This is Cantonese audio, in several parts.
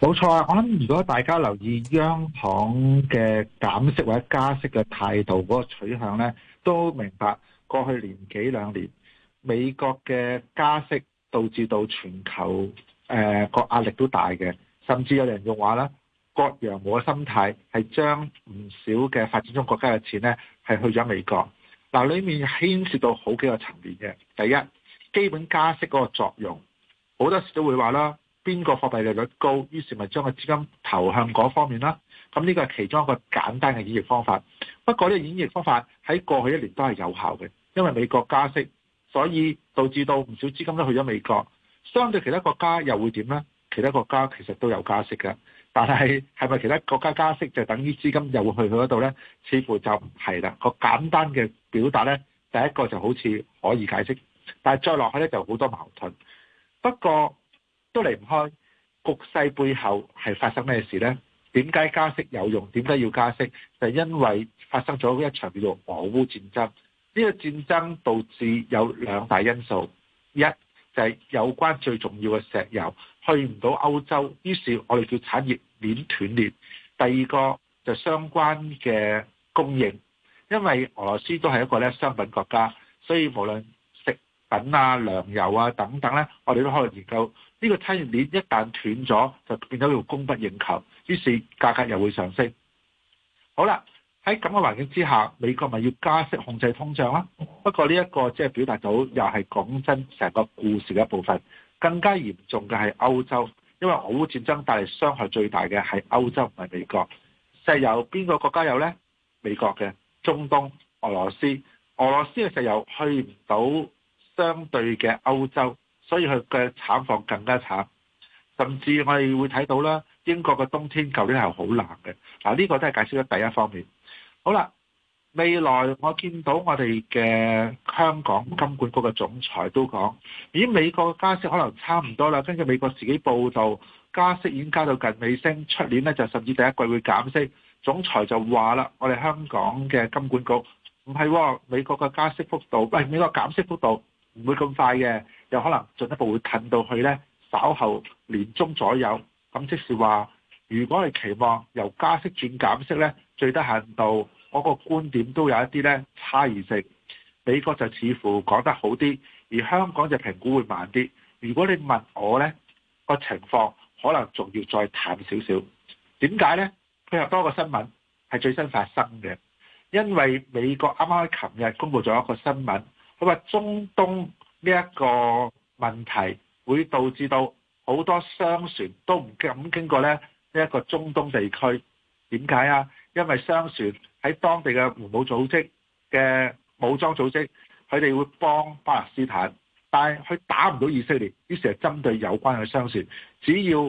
冇錯啊！我諗如果大家留意央行嘅減息或者加息嘅態度嗰個取向咧，都明白過去年幾兩年美國嘅加息導致到全球誒個、呃、壓力都大嘅，甚至有人用話咧，割羊毛嘅心態係將唔少嘅發展中國家嘅錢咧係去咗美國。嗱，裡面牽涉到好幾個層面嘅。第一，基本加息嗰個作用，好多時都會話啦。邊個貨幣利率高，於是咪將個資金投向嗰方面啦？咁呢個係其中一個簡單嘅演繹方法。不過呢，演繹方法喺過去一年都係有效嘅，因為美國加息，所以導致到唔少資金都去咗美國。相對其他國家又會點呢？其他國家其實都有加息嘅，但係係咪其他國家加息就等於資金又會去佢嗰度呢？似乎就唔係啦。個簡單嘅表達呢，第一個就好似可以解釋，但係再落去呢就好多矛盾。不過，都離唔開局勢背後係發生咩事呢？點解加息有用？點解要加息？就係因為發生咗一場叫做俄烏戰爭。呢個戰爭導致有兩大因素：一就係有關最重要嘅石油去唔到歐洲，於是我哋叫產業鏈斷裂；第二個就相關嘅供應，因為俄羅斯都係一個咧商品國家，所以無論品啊、糧油啊等等呢，我哋都可以研究呢個產業鏈。一旦斷咗，就變咗要供不應求，於是價格又會上升。好啦，喺咁嘅環境之下，美國咪要加息控制通脹啦。不過呢一個即係表達到，又係講真成個故事嘅一部分。更加嚴重嘅係歐洲，因為俄烏戰爭帶嚟傷害最大嘅係歐洲，唔係美國。石油邊個國家有呢？美國嘅、中東、俄羅斯。俄羅斯嘅石油去唔到。相對嘅歐洲，所以佢嘅產房更加慘，甚至我哋會睇到啦。英國嘅冬天舊年係好冷嘅，嗱、這、呢個都係解釋咗第一方面。好啦，未來我見到我哋嘅香港金管局嘅總裁都講，咦，美國加息可能差唔多啦，跟住美國自己報道加息已經加到近尾聲，出年呢，就甚至第一季會減息。總裁就話啦，我哋香港嘅金管局唔係、哦、美國嘅加息幅度，唔、哎、美國減息幅度。唔會咁快嘅，有可能進一步會近到去呢，稍後年中左右，咁即是話，如果係期望由加息轉減息呢，最低限度我個觀點都有一啲呢差異性。美國就似乎講得好啲，而香港就評估會慢啲。如果你問我呢個情況，可能仲要再淡少少。點解呢？配合多個新聞係最新發生嘅，因為美國啱啱琴日公布咗一個新聞。佢話，中東呢一個問題會導致到好多商船都唔敢經過咧，呢一個中東地區點解啊？因為商船喺當地嘅胡塞組織嘅武裝組織，佢哋會幫巴勒斯坦，但係佢打唔到以色列，於是係針對有關嘅商船，只要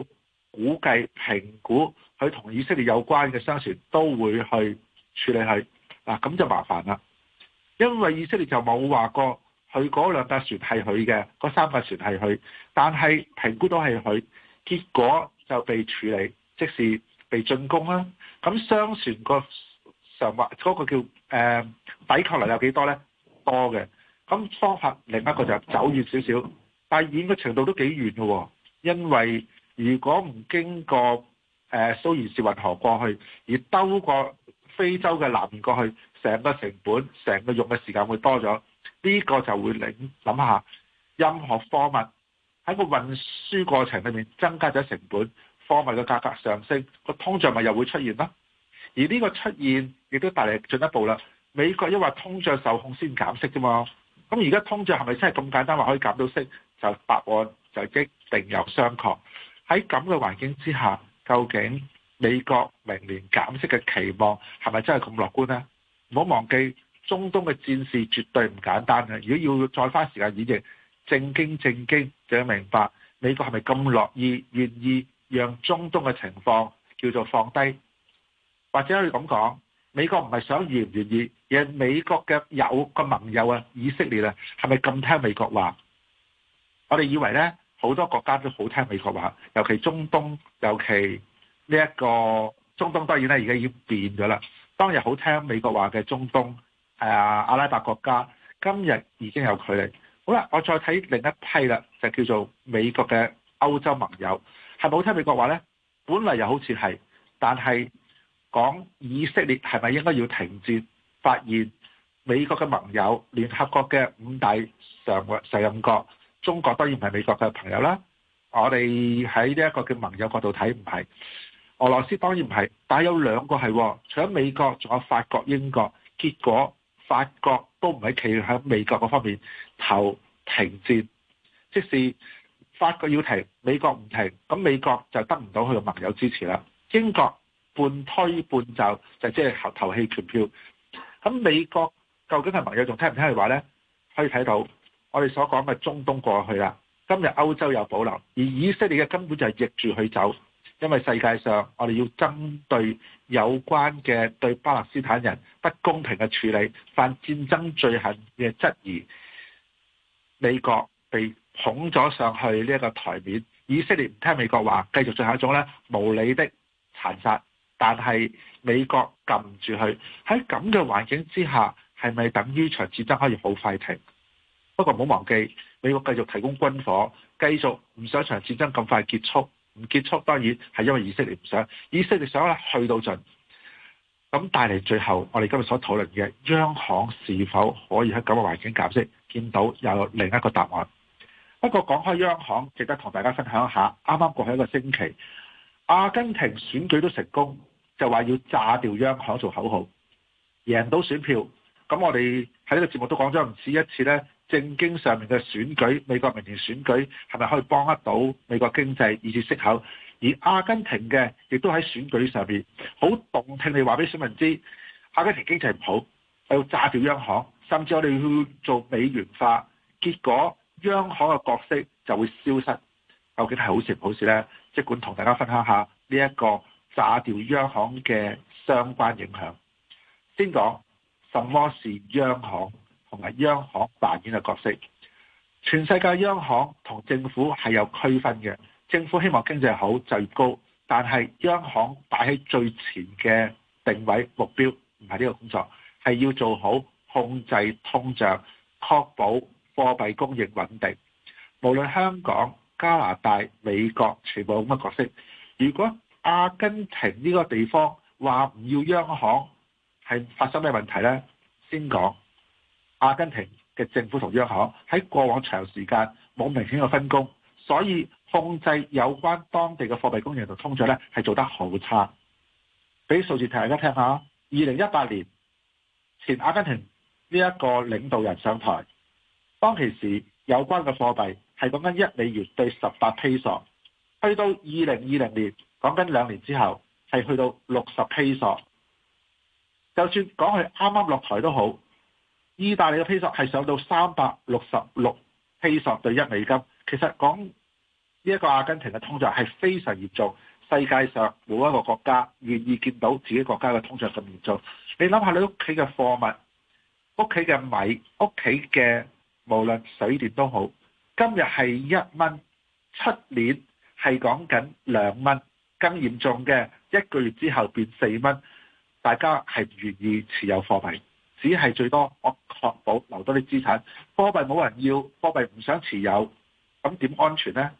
估計評估佢同以色列有關嘅商船，都會去處理佢嗱，咁就麻煩啦。因為以色列就冇話過佢嗰兩架船係佢嘅，嗰三架船係佢，但係評估到係佢，結果就被處理，即是被進攻啦。咁商船個上或嗰個叫誒、呃、抵抗能力有幾多咧？多嘅。咁方法另一個就走遠少少，但係遠嘅程度都幾遠嘅喎、哦。因為如果唔經過誒、呃、蘇伊士運河過去，而兜過非洲嘅南邊過去。成個成本、成個用嘅時間會多咗，呢個就會諗諗下，任何貨物喺個運輸過程裏面增加咗成本，貨物嘅價格上升，個通脹咪又會出現啦。而呢個出現亦都帶嚟進一步啦。美國因為通脹受控先減息啫嘛，咁而家通脹係咪真係咁簡單話可以減到息？就答案就即定有商榷。喺咁嘅環境之下，究竟美國明年減息嘅期望係咪真係咁樂觀呢？唔好忘記，中東嘅戰事絕對唔簡單嘅。如果要再花時間演繹，正經正經就要明白美國係咪咁樂意、願意讓中東嘅情況叫做放低，或者可以咁講，美國唔係想願唔願意，而係美國嘅友嘅盟友啊，以色列啊，係咪咁聽美國話？我哋以為咧，好多國家都好聽美國話，尤其中東，尤其呢一個中東當然咧，而家要變咗啦。當日好聽美國話嘅中東，誒、啊、阿拉伯國家，今日已經有距離。好啦，我再睇另一批啦，就是、叫做美國嘅歐洲盟友，係咪好聽美國話呢？本嚟又好似係，但係講以色列係咪應該要停戰？發現美國嘅盟友，聯合國嘅五大常任常任國，中國當然唔係美國嘅朋友啦。我哋喺呢一個嘅盟友角度睇，唔係。俄羅斯當然唔係，但係有兩個係喎，除咗美國，仲有法國、英國。結果法國都唔係企喺美國嗰方面投停戰，即使法國要停，美國唔停，咁美國就得唔到佢嘅盟友支持啦。英國半推半就，就即係投棄權票。咁美國究竟係盟友仲聽唔聽佢話呢？可以睇到我哋所講嘅中東過去啦，今日歐洲有保留，而以色列嘅根本就係逆住佢走。因為世界上，我哋要針對有關嘅對巴勒斯坦人不公平嘅處理、犯戰爭罪行嘅質疑，美國被捧咗上去呢一個台面。以色列唔聽美國話，繼續進行一種咧無理的殘殺，但係美國撳住佢喺咁嘅環境之下，係咪等於場戰爭可以好快停？不過唔好忘記，美國繼續提供軍火，繼續唔想場戰爭咁快結束。唔結束當然係因為以色列唔想，以色列想咧去到盡，咁帶嚟最後我哋今日所討論嘅央行是否可以喺咁嘅環境解釋，見到有另一個答案。不過講開央行，值得同大家分享一下。啱啱過去一個星期，阿根廷選舉都成功，就話要炸掉央行做口號，贏到選票。咁我哋喺呢個節目都講咗唔止一次呢。政經上面嘅選舉，美國明年選舉係咪可以幫得到美國經濟以至息口？而阿根廷嘅亦都喺選舉上面好動聽你話俾市民知，阿根廷經濟唔好，我要炸掉央行，甚至我哋要做美元化，結果央行嘅角色就會消失。究竟係好事唔好事呢？即管同大家分享下呢一個炸掉央行嘅相關影響。先講什麼是央行？同埋央行扮演嘅角色，全世界央行同政府係有區分嘅。政府希望經濟好，就業高，但係央行擺喺最前嘅定位目標唔係呢個工作，係要做好控制通脹，確保貨幣供應穩定。無論香港、加拿大、美國全部咁嘅角色。如果阿根廷呢個地方話唔要央行，係發生咩問題咧？先講。阿根廷嘅政府同央行喺過往長時間冇明顯嘅分工，所以控制有關當地嘅貨幣供應同通脹咧係做得好差。俾數字聽大家聽下，二零一八年前，阿根廷呢一個領導人上台，當其時有關嘅貨幣係講緊一美元對十八比索，去到二零二零年，講緊兩年之後係去到六十比索。就算講佢啱啱落台都好。意大利嘅披索係上到三百六十六披索對一美金，其實講呢一個阿根廷嘅通脹係非常嚴重。世界上冇一個國家願意見到自己國家嘅通脹咁嚴重。你諗下，你屋企嘅貨物、屋企嘅米、屋企嘅無論水電都好，今日係一蚊，出年係講緊兩蚊，更嚴重嘅一個月之後變四蚊。大家係唔願意持有貨幣，只係最多我。確保留多啲資產，貨幣冇人要，貨幣唔想持有，咁點安全呢？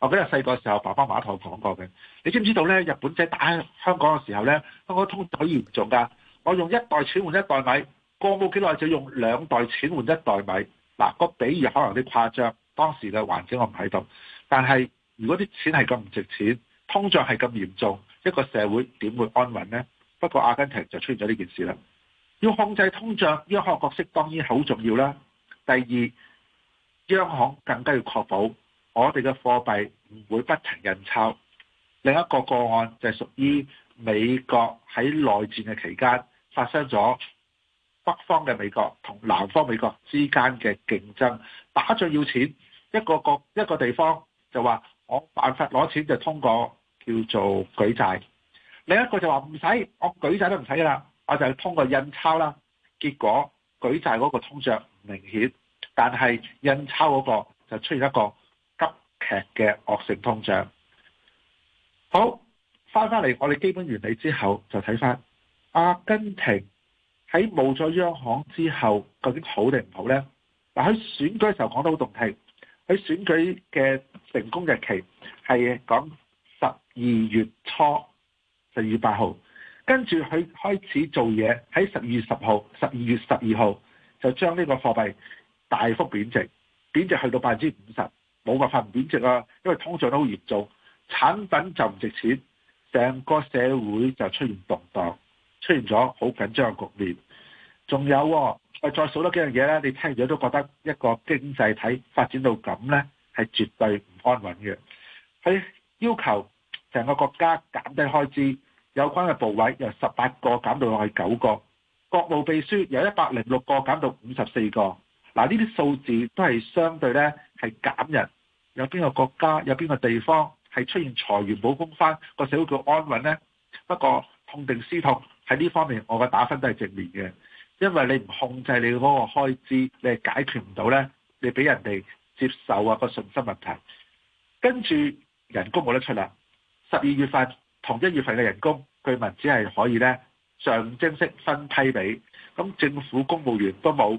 我記得細個時候爸爸媽媽同我講過嘅，你知唔知道呢？日本仔打香港嘅時候呢，香港通好嚴重㗎。我用一袋錢換一袋米，過冇幾耐就用兩袋錢換一袋米。嗱，個比喻可能有啲誇張，當時嘅環境我唔喺度。但係如果啲錢係咁唔值錢，通脹係咁嚴重，一個社會點會安穩呢？不過阿根廷就出現咗呢件事啦。要控制通脹，央行角色當然好重要啦。第二，央行更加要確保我哋嘅貨幣唔會不停印鈔。另一個個案就係屬於美國喺內戰嘅期間發生咗北方嘅美國同南方美國之間嘅競爭，打仗要錢，一個個一個地方就話我辦法攞錢就通過叫做舉債，另一個就話唔使，我舉債都唔使噶啦。我、啊、就係、是、通過印鈔啦，結果舉債嗰個通脹唔明顯，但係印鈔嗰個就出現一個急劇嘅惡性通脹。好，翻返嚟我哋基本原理之後，就睇翻阿根廷喺冇咗央行之後，究竟好定唔好咧？嗱，喺選舉時候講得好動聽，喺選舉嘅成功日期係講十二月初，十二月八號。跟住佢開始做嘢，喺十二月十號、十二月十二號就將呢個貨幣大幅貶值，貶值去到百分之五十，冇辦法唔貶值啊！因為通脹都好嚴重，產品就唔值錢，成個社會就出現動盪，出現咗好緊張嘅局面。仲有、哦，我再數多幾樣嘢咧，你聽咗都覺得一個經濟體發展到咁咧，係絕對唔安穩嘅。佢要求成個國家減低開支。有關嘅部位由十八個減到去九個，各部秘書由一百零六個減到五十四個。嗱，呢啲數字都係相對咧係減人。有邊個國家，有邊個地方係出現裁員補充翻個社會叫安穩咧？不過痛定思痛喺呢方面，我嘅打分都係正面嘅，因為你唔控制你嗰個開支，你係解決唔到咧，你俾人哋接受啊個信心問題。跟住人工冇得出啦，十二月份。同一月份嘅人工，據聞只係可以咧象徵式分批俾。咁政府公務員都冇，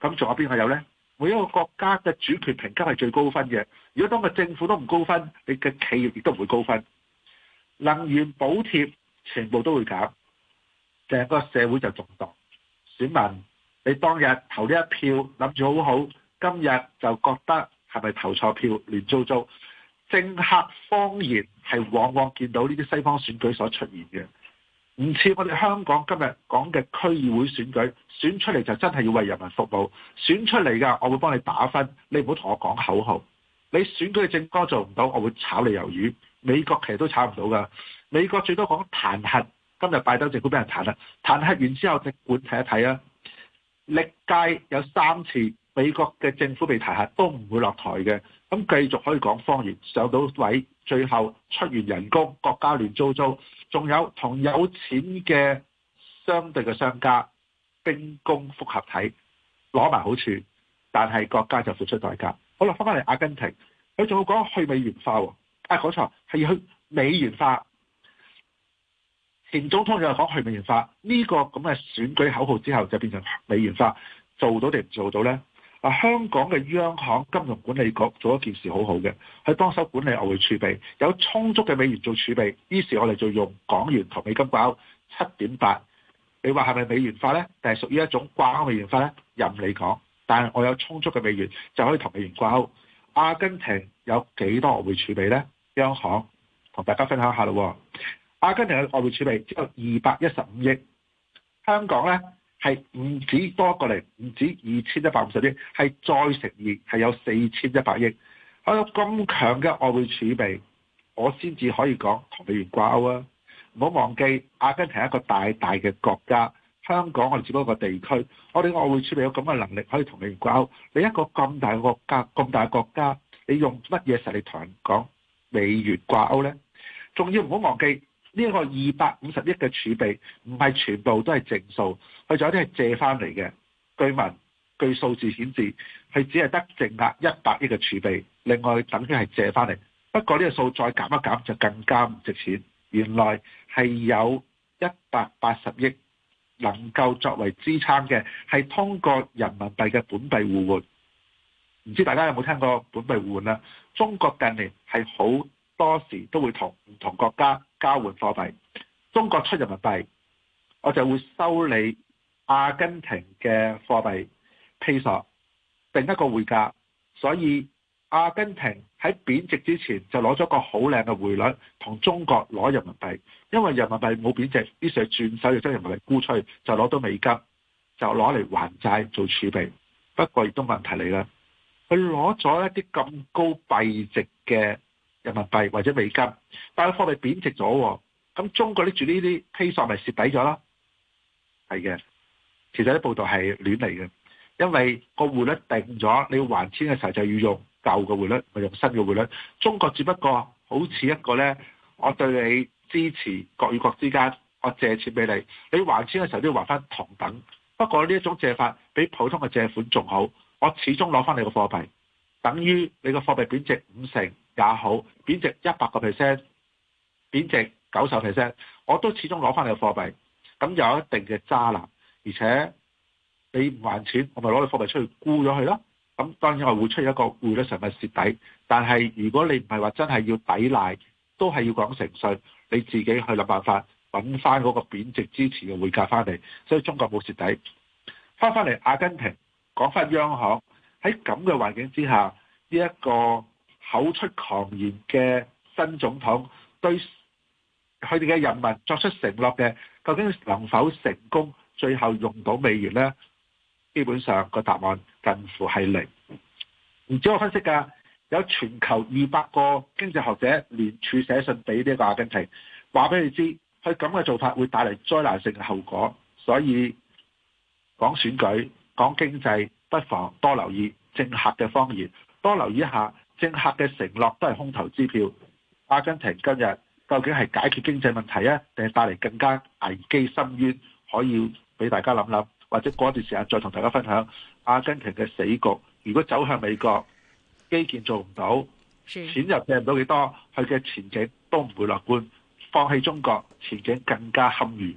咁仲有邊個有呢？每一個國家嘅主權評級係最高分嘅。如果當個政府都唔高分，你嘅企業亦都唔會高分。能源補貼全部都會減，成個社會就中毒。選民，你當日投呢一票，諗住好好，今日就覺得係咪投錯票？亂糟糟。政客謊言係往往見到呢啲西方選舉所出現嘅，唔似我哋香港今日講嘅區議會選舉選出嚟就真係要為人民服務，選出嚟㗎，我會幫你打分，你唔好同我講口號。你選舉政綱做唔到，我會炒你魷魚。美國其實都炒唔到㗎，美國最多講彈劾，今日拜登政府俾人彈劾啦，彈劾完之後，即管睇一睇啊！歷屆有三次美國嘅政府被彈劾都唔會落台嘅。咁繼續可以講謊言，上到位，最後出完人工，國家亂租租，仲有同有錢嘅相對嘅商家兵工複合體攞埋好處，但係國家就付出代價。好啦，翻返嚟阿根廷，佢仲要講去美元化。啊、哎，講錯係要美元化。前總統又係講去美元化，呢、呢個咁嘅選舉口號之後就變成美元化，做到定唔做到咧？啊！香港嘅央行金融管理局做一件事好好嘅，去幫手管理外匯儲備，有充足嘅美元做儲備，於是我哋就用港元同美金掛鈎七點八。你話係咪美元化呢？定係屬於一種掛鈎美元化呢？任你講，但係我有充足嘅美元就可以同美元掛鈎。阿根廷有幾多外匯儲備呢？央行同大家分享下咯。阿根廷嘅外匯儲備只有二百一十五億。香港呢？係唔止多過嚟，唔止二千一百五十億，係再乘二係有四千一百億。我有咁強嘅外匯儲備，我先至可以講同美元掛鈎啊！唔好忘記，阿根廷係一個大大嘅國家，香港我哋只不過一個地區。我哋外匯儲備有咁嘅能力可以同美元掛鈎。你一個咁大嘅國家，咁大國家，你用乜嘢實力同人講美元掛鈎咧？仲要唔好忘記。呢一個二百五十億嘅儲備唔係全部都係淨數，佢仲有啲係借翻嚟嘅。據文據數字顯示，係只係得淨額一百億嘅儲備，另外等於係借翻嚟。不過呢個數再減一減就更加唔值錢。原來係有一百八十億能夠作為支撐嘅，係通過人民幣嘅本幣互換。唔知大家有冇聽過本幣互換啊？中國近年係好多時都會同唔同國家交換貨幣。中國出人民幣，我就會收你阿根廷嘅貨幣 peso，定一個匯價。所以阿根廷喺貶值之前就攞咗個好靚嘅匯率同中國攞人民幣，因為人民幣冇貶值，於是轉手就將人民幣沽出去就攞到美金，就攞嚟還債做儲備。不過亦都問題嚟啦，佢攞咗一啲咁高幣值嘅。人民幣或者美金，但係貨幣貶值咗、哦，咁、嗯、中國拎住呢啲披索咪蝕底咗啦？係嘅，其實啲報道係亂嚟嘅，因為個匯率定咗，你要還錢嘅時候就要用舊嘅匯率，咪用新嘅匯率。中國只不過好似一個咧，我對你支持國與國之間，我借錢俾你，你還錢嘅時候都要還翻同等。不過呢一種借法比普通嘅借款仲好，我始終攞翻你個貨幣，等於你個貨幣貶值五成。也好，貶值一百個 percent，貶值九十 percent，我都始終攞翻你個貨幣，咁有一定嘅渣啦。而且你唔還錢，我咪攞你貨幣出去沽咗佢咯。咁當然我會出現一個匯率上邊蝕底，但係如果你唔係話真係要抵賴，都係要講誠信，你自己去諗辦法揾翻嗰個貶值支持嘅匯價翻嚟。所以中國冇蝕底。翻返嚟阿根廷講翻央行喺咁嘅環境之下，呢一個，口出狂言嘅新總統對佢哋嘅人民作出承諾嘅，究竟能否成功？最後用到美元呢？基本上個答案近乎係零。唔止我分析㗎，有全球二百個經濟學者聯署寫信俾呢個阿根廷，話俾你知佢咁嘅做法會帶嚟災難性嘅後果。所以講選舉、講經濟，不妨多留意政客嘅謊言，多留意一下。政客嘅承諾都係空頭支票。阿根廷今日究竟係解決經濟問題啊，定係帶嚟更加危機深淵？可以俾大家諗諗，或者過一段時間再同大家分享阿根廷嘅死局。如果走向美國，基建做唔到，錢又借唔到幾多，佢嘅前景都唔會樂觀。放棄中國，前景更加堪虞。